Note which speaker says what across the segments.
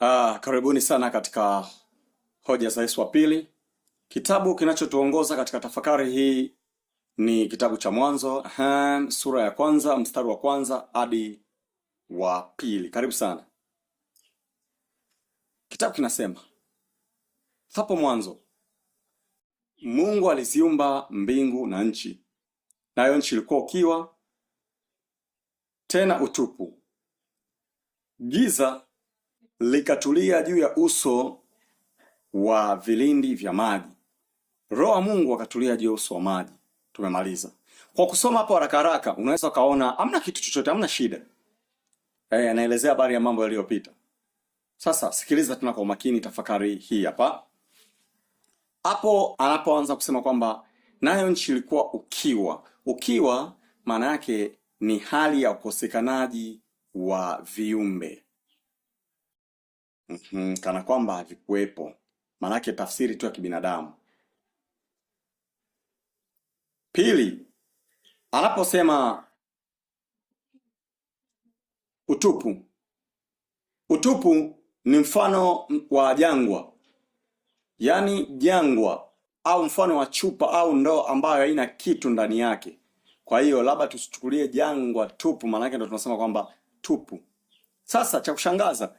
Speaker 1: Ah, karibuni sana katika hoja za Yesu wa Pili. Kitabu kinachotuongoza katika tafakari hii ni kitabu cha Mwanzo sura ya kwanza mstari wa kwanza hadi wa pili. Karibu sana. Kitabu kinasema hapo mwanzo Mungu aliziumba mbingu na nchi, nayo nchi ilikuwa ukiwa tena utupu, giza likatulia juu ya uso wa vilindi vya maji. Roho wa Mungu akatulia juu ya uso wa maji. Tumemaliza kwa kusoma hapo haraka haraka, unaweza ukaona amna kitu chochote, amna shida. Eh, anaelezea habari ya mambo yaliyopita. Sasa sikiliza tena kwa umakini tafakari hii hapa. Hapo anapoanza kusema kwamba nayo nchi ilikuwa ukiwa. Ukiwa maana yake ni hali ya ukosekanaji wa viumbe mm -hmm, kana kwamba havikuwepo, maanake tafsiri tu ya kibinadamu. Pili, anaposema utupu, utupu ni mfano wa jangwa, yaani jangwa au mfano wa chupa au ndoo ambayo haina kitu ndani yake. Kwa hiyo labda tusichukulie jangwa tupu, maanake ndo tunasema kwamba tupu. Sasa cha kushangaza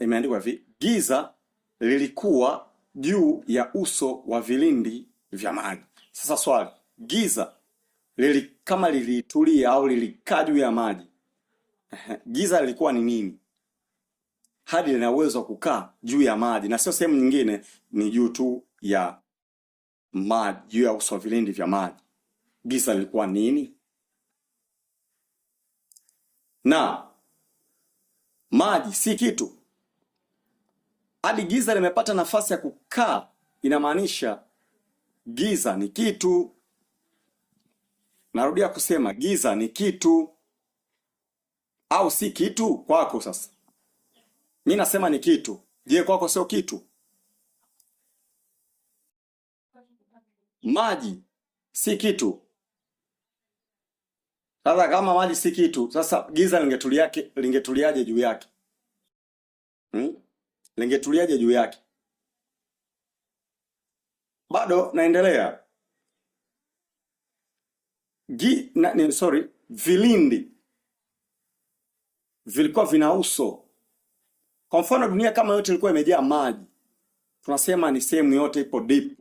Speaker 1: imeandikwa hivi, giza lilikuwa juu ya uso wa vilindi vya maji. Sasa swali, giza lili kama lilitulia au lilikaa juu ya maji, giza lilikuwa ni nini hadi lina uwezo wa kukaa juu ya maji na sio sehemu nyingine, ni juu tu ya maji, juu ya uso wa vilindi vya maji? Giza lilikuwa nini? Na maji si kitu hadi giza limepata nafasi ya kukaa, inamaanisha giza ni kitu. Narudia kusema giza ni kitu au si kitu kwako? Sasa mi nasema ni kitu. Je, kwako sio kitu? Maji si kitu. Sasa kama maji si kitu, sasa giza lingetuliaje juu yake hmm? lingetuliaje juu yake? Bado naendelea Gi, na, ni, sorry, vilindi vilikuwa vina uso. Kwa mfano dunia kama yote ilikuwa imejaa maji, tunasema ni sehemu yote ipo deep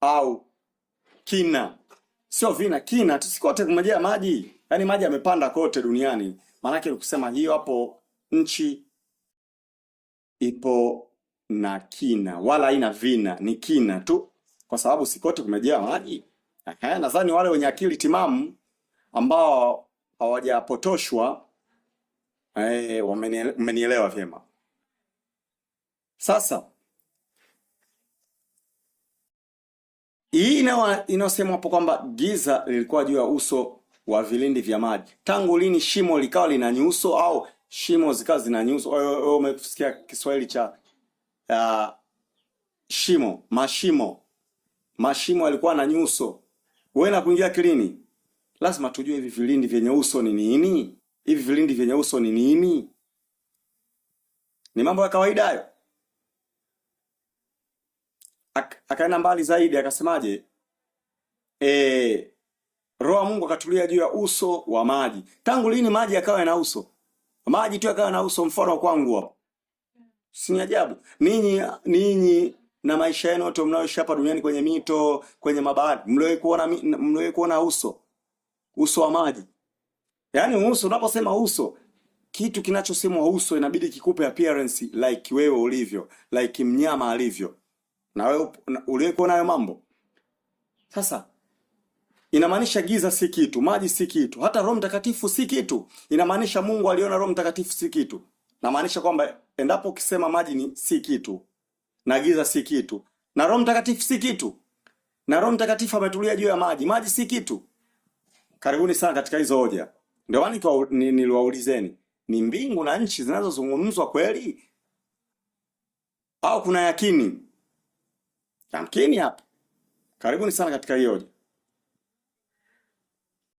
Speaker 1: au kina, sio vina, kina tusikote kumejaa maji, yaani maji yamepanda kote duniani, maanake nikusema hiyo hapo nchi ipo na kina, wala haina vina, ni kina tu, kwa sababu sikote kumejaa maji. Nadhani wale wenye akili timamu ambao hawajapotoshwa e, eh, wamenielewa vyema. Sasa hii inayosemwa hapo kwamba giza lilikuwa juu ya uso wa vilindi vya maji, tangu lini shimo likawa lina nyuso au shimo zikawa zinanyuso. Kwa umesikia Kiswahili cha uh, shimo, mashimo, mashimo alikuwa na nyuso. Wewe na kuingia kilini, lazima tujue hivi vilindi vyenye uso ni nini? Hivi vilindi vyenye uso ni nini? Ni mambo ya kawaida hayo. Ak akaenda mbali zaidi akasemaje? E, Roho Mungu akatulia juu ya uso wa maji. Tangu lini maji yakawa yana uso? maji tu yakawa na uso mfano kwangu hapo. Si ajabu ninyi ninyi na maisha yenu yote mnayoishi hapa duniani, kwenye mito, kwenye mabahari, mliwahi kuona mliwahi kuona uso uso wa maji? Yaani uso, unaposema uso, kitu kinachosemwa uso inabidi kikupe appearance like wewe ulivyo, like mnyama alivyo. Na wewe uliwahi kuona hayo mambo? Sasa inamaanisha giza si kitu, maji si kitu, hata Roho Mtakatifu si kitu. Inamaanisha Mungu aliona Roho Mtakatifu si kitu. Namaanisha kwamba endapo ukisema maji ni si kitu na giza si kitu na Roho Mtakatifu si kitu na Roho Mtakatifu ametulia juu ya maji, maji si kitu. Karibuni sana katika hizo hoja. Ndio maana niliwaulizeni, ni mbingu na nchi zinazozungumzwa kweli au kuna yakini? Yamkini hapa. Karibuni sana katika hiyo hoja.